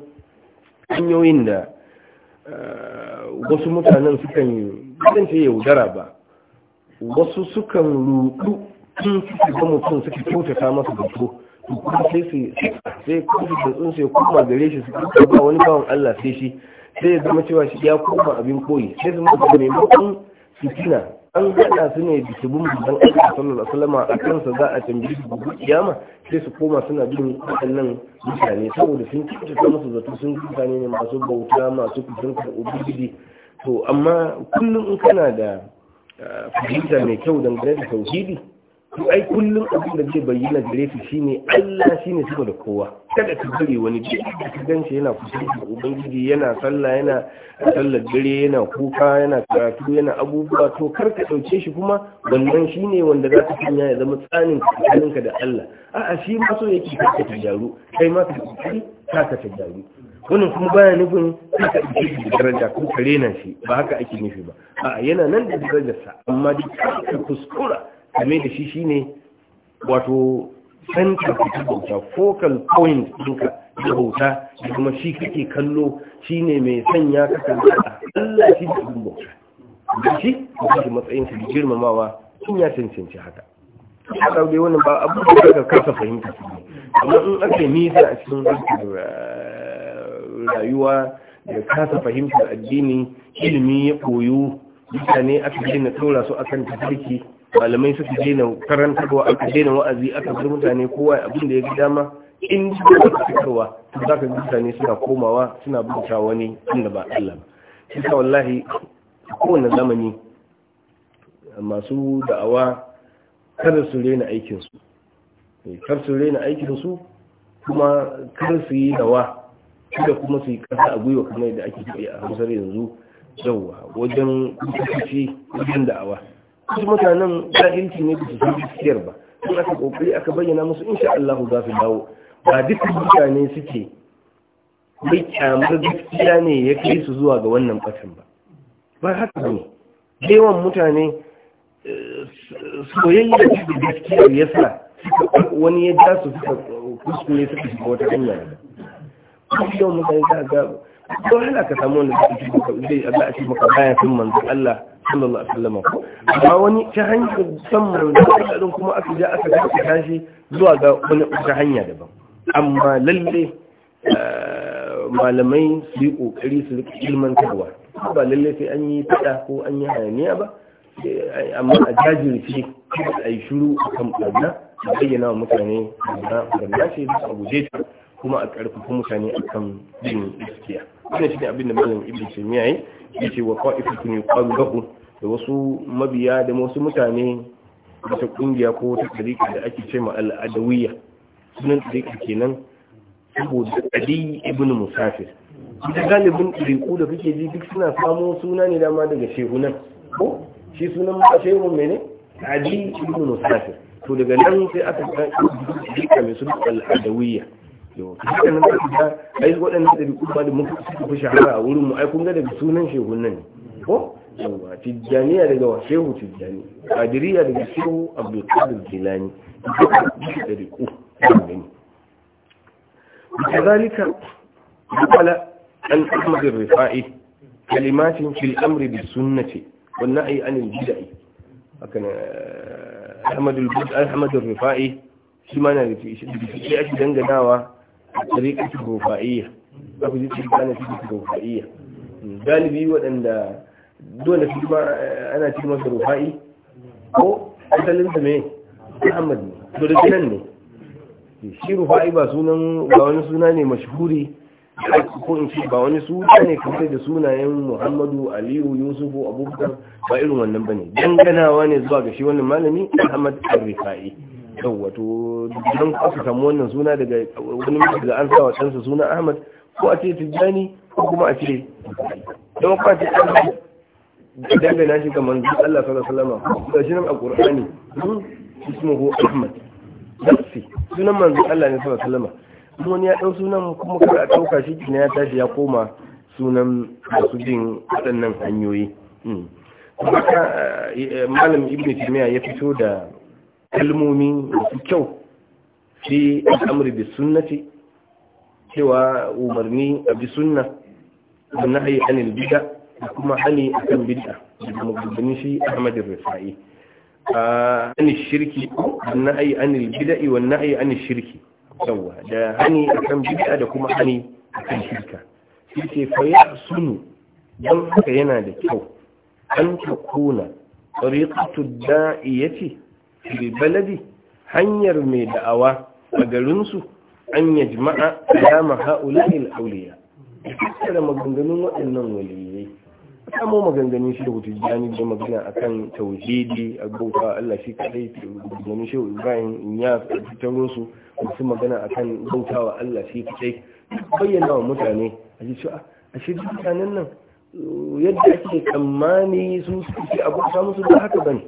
hanyoyin da wasu mutanen sukan kasance yaudara ba wasu sukan rudu tun suke ga mutum suke kyautata masa to kuma sai su sai kuma da tsun sai kuma gare shi su kuma ba wani bawan Allah sai shi sai ya zama cewa shi ya koma abin koyi sai zama mutum maimakon fitina an gada su ne da shibin babban aiki a sallar asalama a kansa za a tambayi su gudu kiyama sai su koma suna bin waɗannan mutane saboda sun ta musu zato sun mutane ne masu bauta masu kusan ubangiji to amma kullum in kana da ah, fahimta mai kyau dangane da tauhidi to ai kullum abin da zai bayyana gare su shine Allah shine sama da kowa kada ka bari wani ce ka ganshi yana kusurci ubangiji yana sallah yana sallar dare yana kuka yana karatu yana abubuwa to kar ka dauke shi kuma wannan shine wanda za ka sanya ya zama tsanin tsakaninka da Allah a'a shi ma so yake ka ta jaru kai ma ka ka ta jaru wannan kuma baya nufin ka ɗauke shi da daraja ko ka na shi ba haka ake nufi ba a yana nan da darajarsa amma duk ka kuskura game da shi shine wato center da bauta focal point ɗinka da bauta da kuma shi kake kallo shine mai sanya ka kanta Allah shi da abin bauta da shi kashi matsayin ka girmamawa sun ya cancanci haka haka dai wannan ba abu da ka kasa fahimta su ne amma in aka nisa a cikin eh, rayuwa da kasa fahimtar addini ilimi ya koyo mutane aka gina taura su akan tafarki malamai suka daina karantarwa aka daina wa'azi aka bar mutane kowa abin da ya ga dama in ji da fitarwa za ka ga mutane suna komawa suna bauta wani inda ba Allah ba shi sa wallahi kowane zamani masu da'awa kada su rena aikinsu? Eh, kar su rena aikinsu kuma kar su yi dawa da kuma su yi kasa a gwiwa kamar yadda ake yi a Hausar yanzu yauwa wajen kusurci wajen da'awa wasu mutanen jahilci ne bisa su gaskiyar ba in aka kokari aka bayyana musu insha Allah za su dawo ba dukkan mutane suke mai kyamar gaskiya ne ya kai su zuwa ga wannan fatan ba ba haka ne yawan mutane eh, soyayya da gaskiya ya sa wani ya ja su suka kuskure suka shiga wata hanya yawan mutane za ga don hana ka samu wanda zai ci zai Allah a ce maka bayan sun manzon Allah sallallahu alaihi wasallam ko amma wani ta hanyar san manzon Allah din kuma aka ja aka ga ka tashi zuwa ga wani ta hanya daban amma lalle eh, malamai su yi kokari su rika ilmantarwa ba lalle sai an yi fada ko an yi hayaniya ba eh, amma a jajirce a yi shiru a kan ɓarna a bayyana wa mutane da na ɓarna ce a guje ta kuma a ƙarfafa mutane a kan jin gaskiya wannan shi ne abin da malam ibn taymiya yi yace wa qa'ifatun yuqalu lahu da wasu mabiya da wasu mutane da ta kungiya ko ta tarika da ake ce ma al-adawiyya sunan tarika kenan saboda adi ibn musafir idan galibin tariku da kake ji duk suna samo suna ne dama daga shehunan ko shi sunan ma shehun mene adi ibn musafir to daga nan sai aka san tarika mai sunan al-adawiyya yawa ai waɗannan ɗabi'u da muka suka fi shahara a wurin mu ai kun ga sunan shehun nan ko yawa tijjaniya daga shehu tijjani kadiriya daga shehu abdul jilani duka duka da gani kazalika qala an ahmad rifai kalimatin fil amri bis sunnati wan nahyi anil bid'ah haka ahmad al rifai shi ma na da shi ake danganawa tariƙa ta rufa'iyya za ku ji tariƙa na fiye ta rufa'iyya galibi waɗanda dole fi ma eh, ana cikin masa rufa'i ko asalinsa mai muhammad ne to da nan ne shi rufa'i ba sunan ba wani suna ne mashhuri ko in ce ba wani suna ne kamar da sunayen muhammadu aliyu Yusuf, abubakar ba irin wannan ba ne danganawa ne zuwa ga shi wannan malami muhammad al rufa'i. yau wato don aka samu wannan suna daga wani mutum da an sa wa ɗansa suna ahmad ko a ce tijjani ko kuma a ce don kuma ce ɗansa da dangana shi ga manzo Allah sallallahu alaihi wasallam da shi nan a Qur'ani ko hmm, Ahmad nafsi sunan manzo Allah ne sallallahu alaihi wasallam wani ya dau sunan kuma kada a dauka shi ya tashi ya koma sunan da su bin waɗannan hanyoyi hmm. eh, malam ibn timiya ya fito da kalmomi masu kyau fi al'amri bi sunnati cewa umarni a bi sunna da nahayi anil bid'a da kuma hani akan bid'a da magudanin shi Ahmad Rifai ani shirki nahayi anil bid'a wa nahayi anil shirki yawa da hani akan bid'a da kuma hani akan shirka shi ce fa ya sunu don haka yana da kyau an takuna tariqatu da'iyati fil baladi hanyar mai da'awa a garinsu an ya jima'a alama ha'ula'il auliya da maganganun waɗannan waliyai samu maganganun shi da hutu jani da magana akan tauhidi a bauta Allah shi kadai maganganun shi Ibrahim ya fitarun su su magana akan bautawa Allah shi kadai bayyana wa mutane a ji cewa a shi mutanen nan yadda ake tsammani sun suke abota musu da haka bane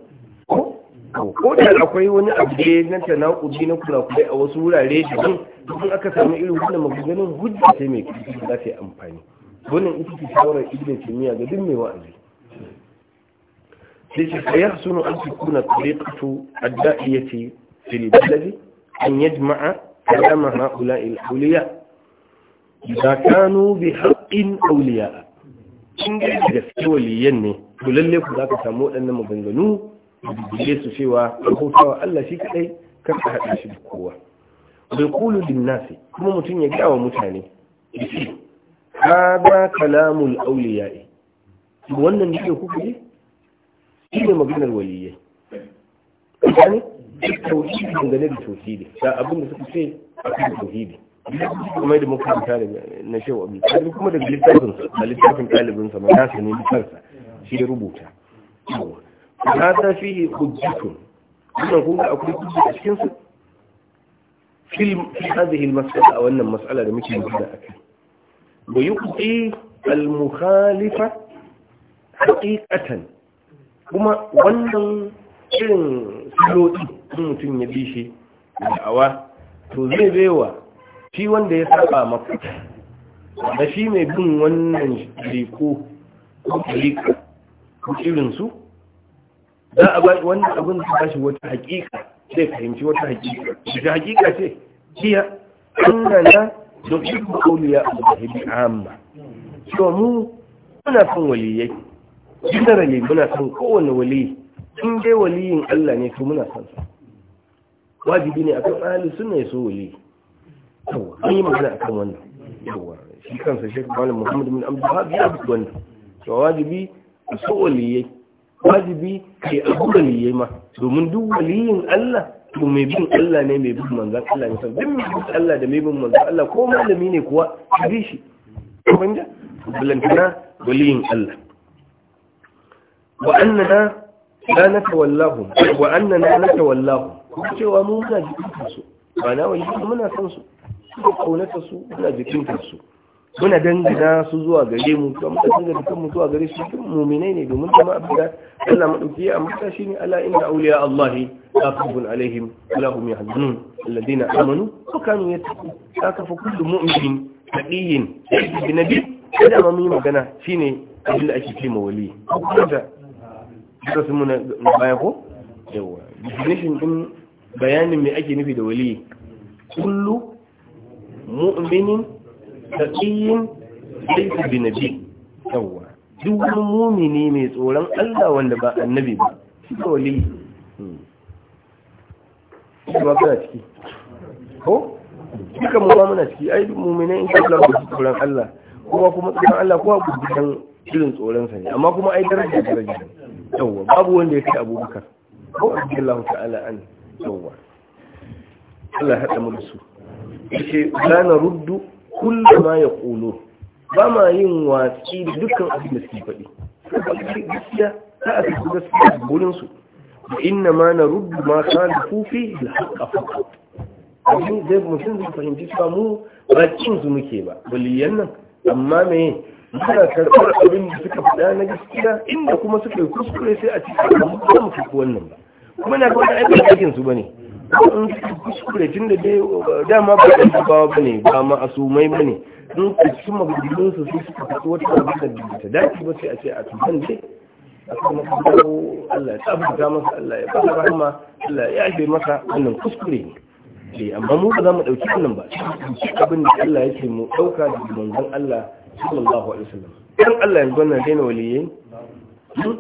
ko da akwai wani abu da na tanakudi na kurakurai a wasu wurare daban in aka samu irin wannan maganganun hujja ce mai kiki za ta yi amfani wannan ita ce shawarar ibn taymiya ga duk mai wa'azi sai ce ya yahsunu an takuna tariqatu ad fil balad an yajma'a kalama ha'ula'i al-awliya idza kanu bi haqqin awliya in ga gaskiya waliyan ne to lalle ku za ka samu waɗannan maganganu da su cewa bautawa Allah shi kadai kar ka hada shi da kowa bai kulu din nasi kuma mutum ya gawa mutane yace hada kalamul awliya'i wannan ne kuka ne? shi ne maganar waliyai kane tauhidi dangane da tauhidi da abin da suka ce a kan tauhidi kuma da muka fita da na shehu abu sai kuma daga littafin sa da littafin kalibin sa ma nasa ne littafin sa shi ya rubuta hada fihi hujjatun wannan kun akwai hujja a cikin su fil hadhihi masala a wannan mas'ala da muke magana ba yi kuɗi al-mukhalifa haqiqatan kuma wannan irin siloti mutum ya bi shi da'awa to zai baiwa shi wanda ya saba maka da shi mai bin wannan riko ko kalika ko irinsu za a ba wani abin da ba shi wata hakika zai fahimci wata hakika da hakika ce kiya annana da kuma kauliya a zahibi amma to mu muna son waliyai ne muna son kowane waliyi in dai waliyin Allah ne to muna son wajibi ne akan ahli sunna ya so waliyi yawa an yi magana akan wannan yawa shi kansa shi malam muhammad bin abdul wahab ya bi wannan to wajibi a so waliyai wajibi kai abu da yi ma domin duk waliyin Allah to mai bin Allah ne mai bin manzan Allah ne san duk mai bin Allah da mai bin manzan Allah ko malami ne kuwa ka bi shi kun bulantana waliyin Allah wa annana la natawallahu wa annana natawallahu cewa mu muna jikin su ba na wajen muna san su ko kaunata su muna jikin su muna dangana su zuwa gare mu to muka dangana kanmu zuwa gare su duk mu'minai ne domin kuma abin da Allah madauki ya amsa shine ala inna awliya Allah la khawfun alaihim wa lahum yahzanun alladheena amanu wa kanu yattaqun haka fa kullu mu'min taqiyin bi nabi da ma mu yi magana shine abin da ake cewa wali da duka sun muna baya ko yawa definition din bayanin me ake nufi da wali kullu mu'minin taqiyin laifin binabi yawa duk wani mumini mai tsoron Allah wanda ba annabi ba shi ko li ba ka ciki ko duka mu ba muna ciki ai mumini in kalla ba tsoron Allah kuma kuma tsoron Allah bi gudan irin tsoron sa ne amma kuma ai daraja daraja yawa babu wanda ya kai Abubakar ko Allah ta'ala an yawa Allah ya hada mu da su yace zana ruddu. kullu ma yaqulu ba ma yin watsi da dukkan abin da suke faɗi gaskiya ta a cikin gaskiya gurin su da inna ma na rubu ma ta da fufi da haƙa fuka abin zai mutum zai fahimci cewa mu ba cin su muke ba baliyan nan amma me muna karɓar abin da suka faɗa na gaskiya inda kuma suka yi kuskure sai a cikin ba mu fi wannan ba kuma na kawai aikin su ba ne in su kuskure tun da dama ba ɗan ba ne ba ma asumai ba ne in su cikin magudunsu su suka fi wata abin da ta dace ba sai a ce a tuban dai a kuma kawo Allah ya tabbata masa Allah ya fara rahama Allah ya yafe masa wannan kuskure ne eh amma mu ba za mu dauki wannan ba abin da Allah yake mu dauka da manzon Allah sallallahu alaihi wasallam dan Allah yanzu wannan dai na waliyyi hmm?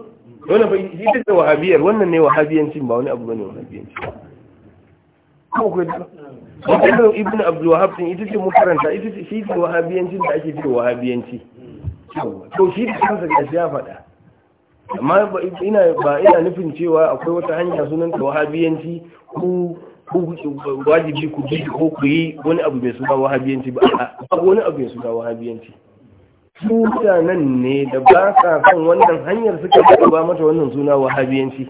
wannan ba shi da wahabiyar wannan ne wahabiyancin ba wani abu bane wahabiyancin kuma ku yadda ba ibn abdul wahab din ita ce mu karanta ita ce shi ce wahabiyanci da ake ce wahabiyanci to shi da kansa shi ya faɗa amma ina ba ina nufin cewa akwai wata hanya sunan ta wahabiyanci ku wajibi ku bi ko ku yi wani abu mai suna wahabiyanci ba a wani abu mai suna wahabiyanci su mutanen ne da ba sa kan wannan hanyar suka ba mata wannan suna wahabiyanci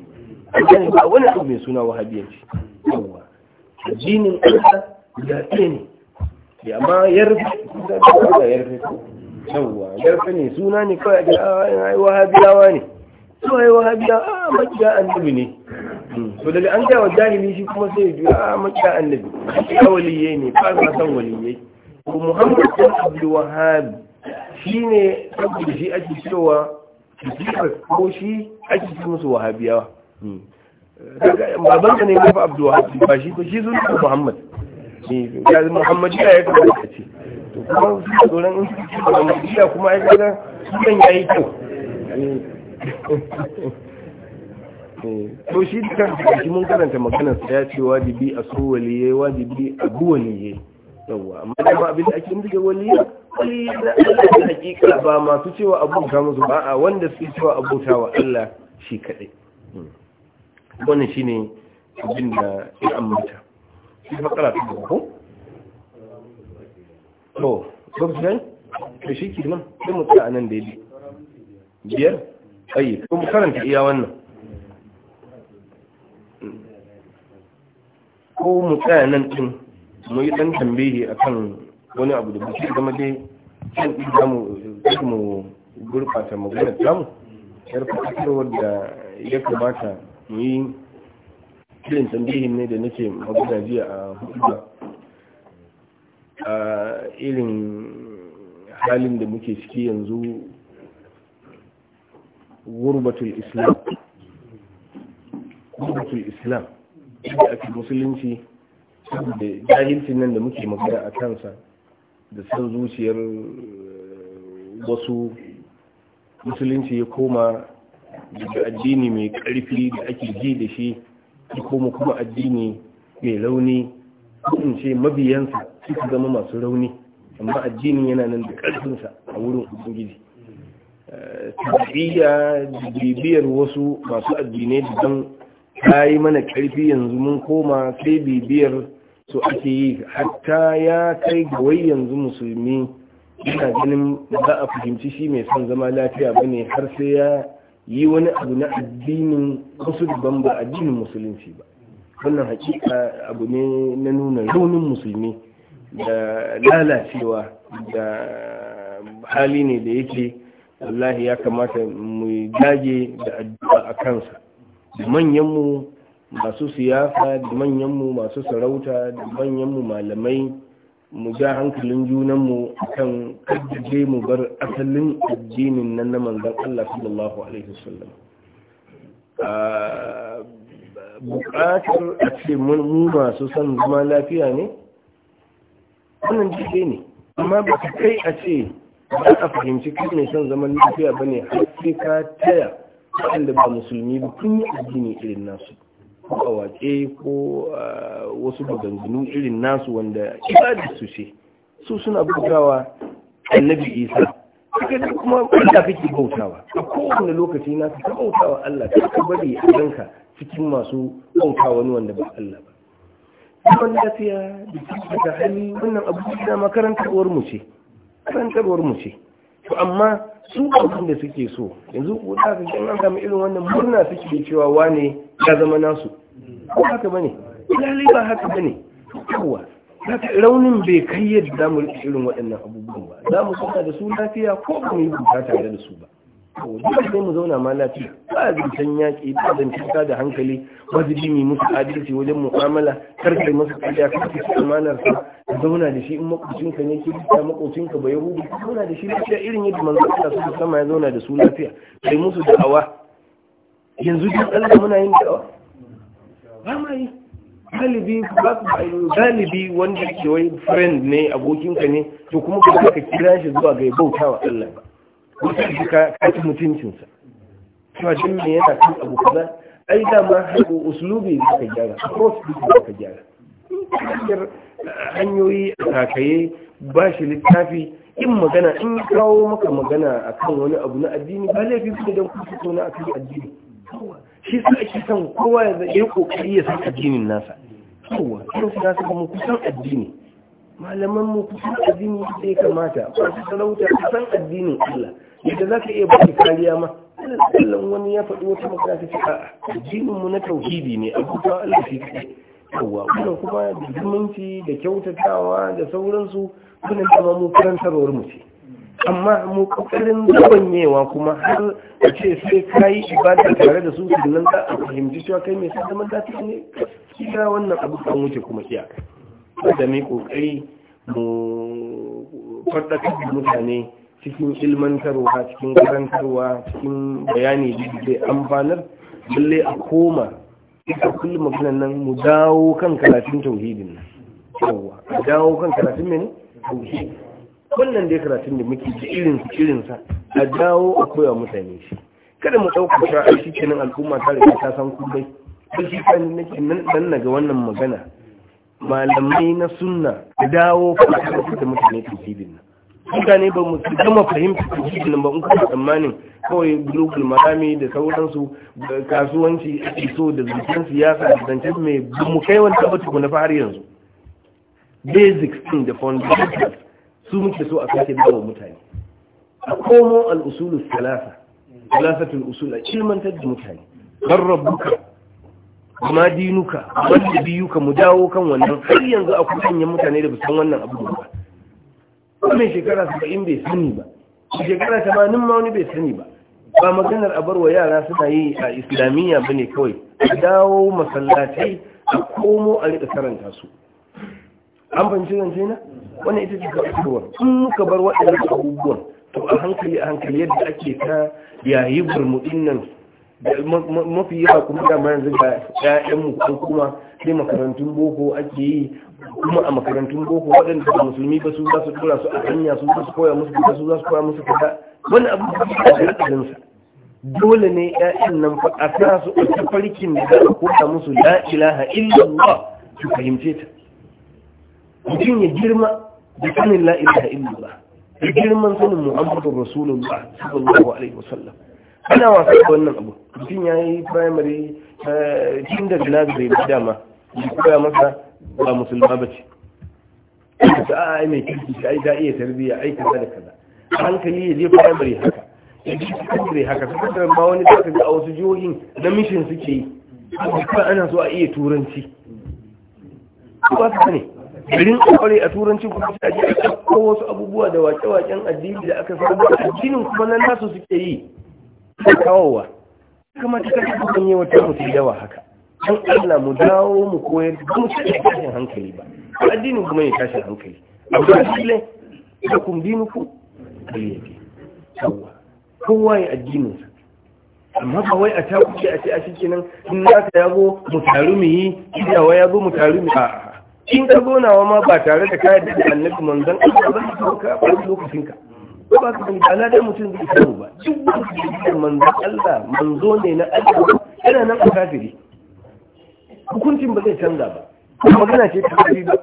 wani abu mai suna wahabiyanci yawwa Jinin Allah guda ɗaya ne ya ma yarfe da ta yarfe ko yawwa yarfe ne suna ne kawai ga haihuwa wahabiyawa ne su haihuwa habiyawa a makiya annabi ne hmm, to daga an kai jahili shi kuma sai ya juya a makiya annabi ya waliye ne fara san waliye ko muhammad bin habi shi shine saboda shi ake cewa ko shi ake ce musu wahabiyawa hmm. babanka ne kafa abdullahi ba shi ba shi sun da muhammad ya zai muhammad ya yi kuma ya ce to kuma su tsoron in su ce da muhammadiya kuma ya su sunan ya yi kyau eh, to shi kan shi mun karanta maganar sa ya ce wajibi a so waliye wajibi a bu waliye yawwa amma da ba abin da ake yin daga waliya waliya da Allah da hakika ba masu cewa ta musu ba a wanda su cewa abota wa Allah shi kadai wannan shine abin da ya ambata shi fakara ta gaba to gobsan da shi ke nan ɗin mu tsaya nan da ya biyar ayi ko mu karanta iya wannan ko mu tsaya nan ɗin mu yi dan tambayi kan wani abu da bishi zama dai kan ɗin zamu mu gurbata maganar tamu yar fatarwar da ya kamata yi irin tambihin ne da nake magana jiya a hudu a irin halin da muke ciki yanzu gurbatul islam gurbatul islam da ake musulunci da jahilcin nan da muke magana a kansa da san zuciyar eh, wasu musulunci ya koma daga addini mai ƙarfi da ake ji da shi kuma kuma addini mai launi in ce mabiyansa suka zama masu rauni amma addinin yana nan da ƙarfinsa a wurin ubangiji tabiya bibiyar wasu masu addinai daban ta yi mana ƙarfi yanzu mun koma sai bibiyar su ake yi hatta ya kai ga wai yanzu musulmi yana ganin za a fahimci shi mai son zama lafiya bane har sai ya yi wani abu na addinin wasu daban ba addinin musulunci ba wannan hakika abu ne na nuna raunin musulmi da lalacewa da hali ne da yake wallahi ya kamata mu dage da addu'a a kansa da manyanmu masu siyasa da manyanmu masu sarauta da manyanmu malamai mu ja hankalin junan mu kan kaddaje mu bar asalin addinin nan na manzon Allah sallallahu alaihi wasallam bukatar a ce mu masu san zama lafiya ne wannan jike ne amma ba ka kai a ce ba a fahimci kai ne son zaman lafiya ba ne har sai ka taya waɗanda ba musulmi ba kun yi addini irin nasu ko a ah, waƙe ko wasu maganganu irin nasu wanda ibada su ce su suna bautawa annabi isa kaga kuma Allah kake bautawa a kowane lokaci na ka bautawa Allah ka bari a ranka cikin masu bauta wani wanda ba Allah ba zaman lafiya da cikin da hali wannan abu da makarantarwar mu ce makarantarwar mu ce to amma su abin da suke so yanzu ko da ga an samu irin wannan murna suke cewa wane ya zama nasu ko haka lalai ba haka bane yawa raunin bai kai yadda za mu rike irin waɗannan abubuwan ba za mu kusa da su lafiya ko ba mu yi buka tare da su ba dole sai mu zauna ma lafiya ba zancen yaƙi ba zancen da hankali ba su jimi musu adalci wajen mu'amala karkai masu kariya karkai su amanar ka zauna da shi in makocinka ne ke bisa makocinka ba yahudu zauna da shi lafiya irin yadda manzo Allah su sama ya zauna da su lafiya kai musu da'awa yanzu duk Allah muna yin da'awa galibi wanda ke wani friend ne abokinka ne to kuma ka ka kira shi zuwa ga bauta wa Allah ba wata shi ka ci mutuncinsa cewa jin me yana kan abu kaza ai da ma haɗu uslubi da ka gyara approach da ka gyara hanyar eh, hanyoyi a kakaye ba shi littafi in magana in kawo maka magana akan wani abu na addini ba laifi kuma don tona akan addini shi su ake kan kowa ya zai kokari ya san addinin nasa kowa kuma su saka kuma kusan addini malaman mu kusan addini da ya kamata ba su talauta kusan addinin Allah yadda za ka iya ba ki kariya ma sallan wani ya faɗi wata magana ta ce a addinin mu na tauhidi ne abubuwa Allah shi kaɗai kowa kuma kuma da zumunci da kyautatawa da sauransu kuna zama mu karantarwar mu ce amma mu kokarin zabanyewa kuma har a ce sai ka yi ibada tare da su sannan za a fahimci cewa kai mai sa zaman lafiya ne kira wannan abu kan wuce kuma iya da mai kokari mu faɗaƙar da mutane cikin ilmantarwa cikin karantarwa cikin bayani da amfanar lalle a koma ita kullum magana nan mu dawo kan karatun tauhidin nan yawa dawo kan karatun ne tauhidin wannan dai karatun da muke ji irin sa a dawo a koya mutane shi kada mu ɗauka shi a shi kenan al'umma ta riga ta san kudai ko shi kan nake nan naga wannan magana malamai na sunna da dawo fara da mutane tauhidin nan mutane ba mu gama fahimta tauhidin nan ba in kuma tsammanin kawai global marami da sauransu kasuwanci ake so da zuciyar siyasa da zancen mai mu kai wani tabbata ku na har yanzu basics din da foundations su muke so a sake dawo mutane a komo al'usulu salasa salasatul usul a ilmantar da mutane don rabuka ma dinuka wanda biyuka mu dawo kan wannan har yanzu a kusanyen mutane da san wannan abu ba kuma shekara 70 bai sani ba shekara 80 ma wani bai sani ba ba maganar a barwa yara suna yi a islamiyya ba ne kawai a dawo masallatai a komo a rika karanta su an fahimci zance na wannan ita ce kasuwar in muka bar waɗannan abubuwan to a hankali a hankali yadda ake ta yayi burmudin nan mafi yawa kuma dama yanzu ga 'ya'yanmu ko kuma sai makarantun boko ake yi kuma a makarantun boko waɗanda ba musulmi ba su za su tura su a hanya su za su koya musu kuka su za su koya musu kuka wani abu da ya sa. dole ne 'ya'yan nan a sa su a farkin da za a koya musu la ilaha illallah su fahimce ta mutum ya girma da sanin la illa ba, da girman sanin muhammadur rasulullah sallallahu alaihi wasallam ana wasa da wannan abu mutum ya yi primary eh, tun da glass bai dama ya koya masa ba musulma ba ce ta a mai kirki ai da iya tarbiyya ai kaza da kaza hankali ya je primary haka ya je secondary haka su sakandare ba wani zaka ga a wasu jihohin na mission suke yi ana so a iya turanci ba su ne garin aure a turanci kuma sai a ji wasu abubuwa da wake-waken addini da aka samu addinin kuma nan nasu suke yi a kawowa kuma ta kashe kusan yi wata mutu yawa haka an allah mu dawo mu koyar da kuma sai ya tashin hankali ba addinin kuma ya tashin hankali abu da shi da kun dinu ku kaliyafi yawa kowa ya addininsa amma ba wai a takuce a ce a shi kenan in naka ya zo mu taru mu yi iyawa ya zo mu taru mu a in ka gonawa ma ba tare da kayan da annabi manzon Allah ba ka ka ba lokacin ka ko ba ka da ala dai mutum zai samu ba duk wanda manzon Allah manzo ne na Allah yana nan a kafiri hukuncin ba zai canza ba magana ce ta kafiri ba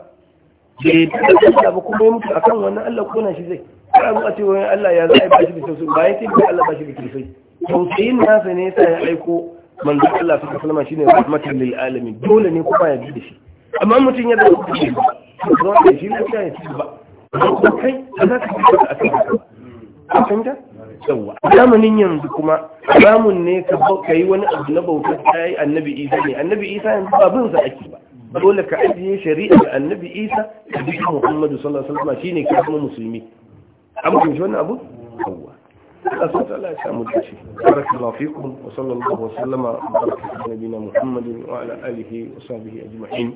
da ya canza ba kuma ya mutu akan wannan Allah ko na shi zai ka zo a ce wani Allah ya za a yi bashi da sosai ba ya ce ba Allah bashi da sosai tausayin nasa ne ya sa ya aiko manzon Allah sallallahu alaihi wasallam shine rahmatul lil alamin dole ne kuma ya bi da shi amma mutum ya zama kuɗi ba zuwa da shi lafiya ya ci ba ko kai ba za ka fita a kan a kan ta yawa a zamanin yanzu kuma zamun ne ka yi wani abu na bauta ta yi annabi isa ne annabi isa yanzu ba bin sa ake ba dole ka ajiye shari'a da annabi isa da bi muhammadu sallallahu alaihi wasallam shine ka kuma musulmi amma shi wannan abu yawa بارك الله فيكم وصلى الله وسلم على نبينا محمد وعلى آله وصحبه أجمعين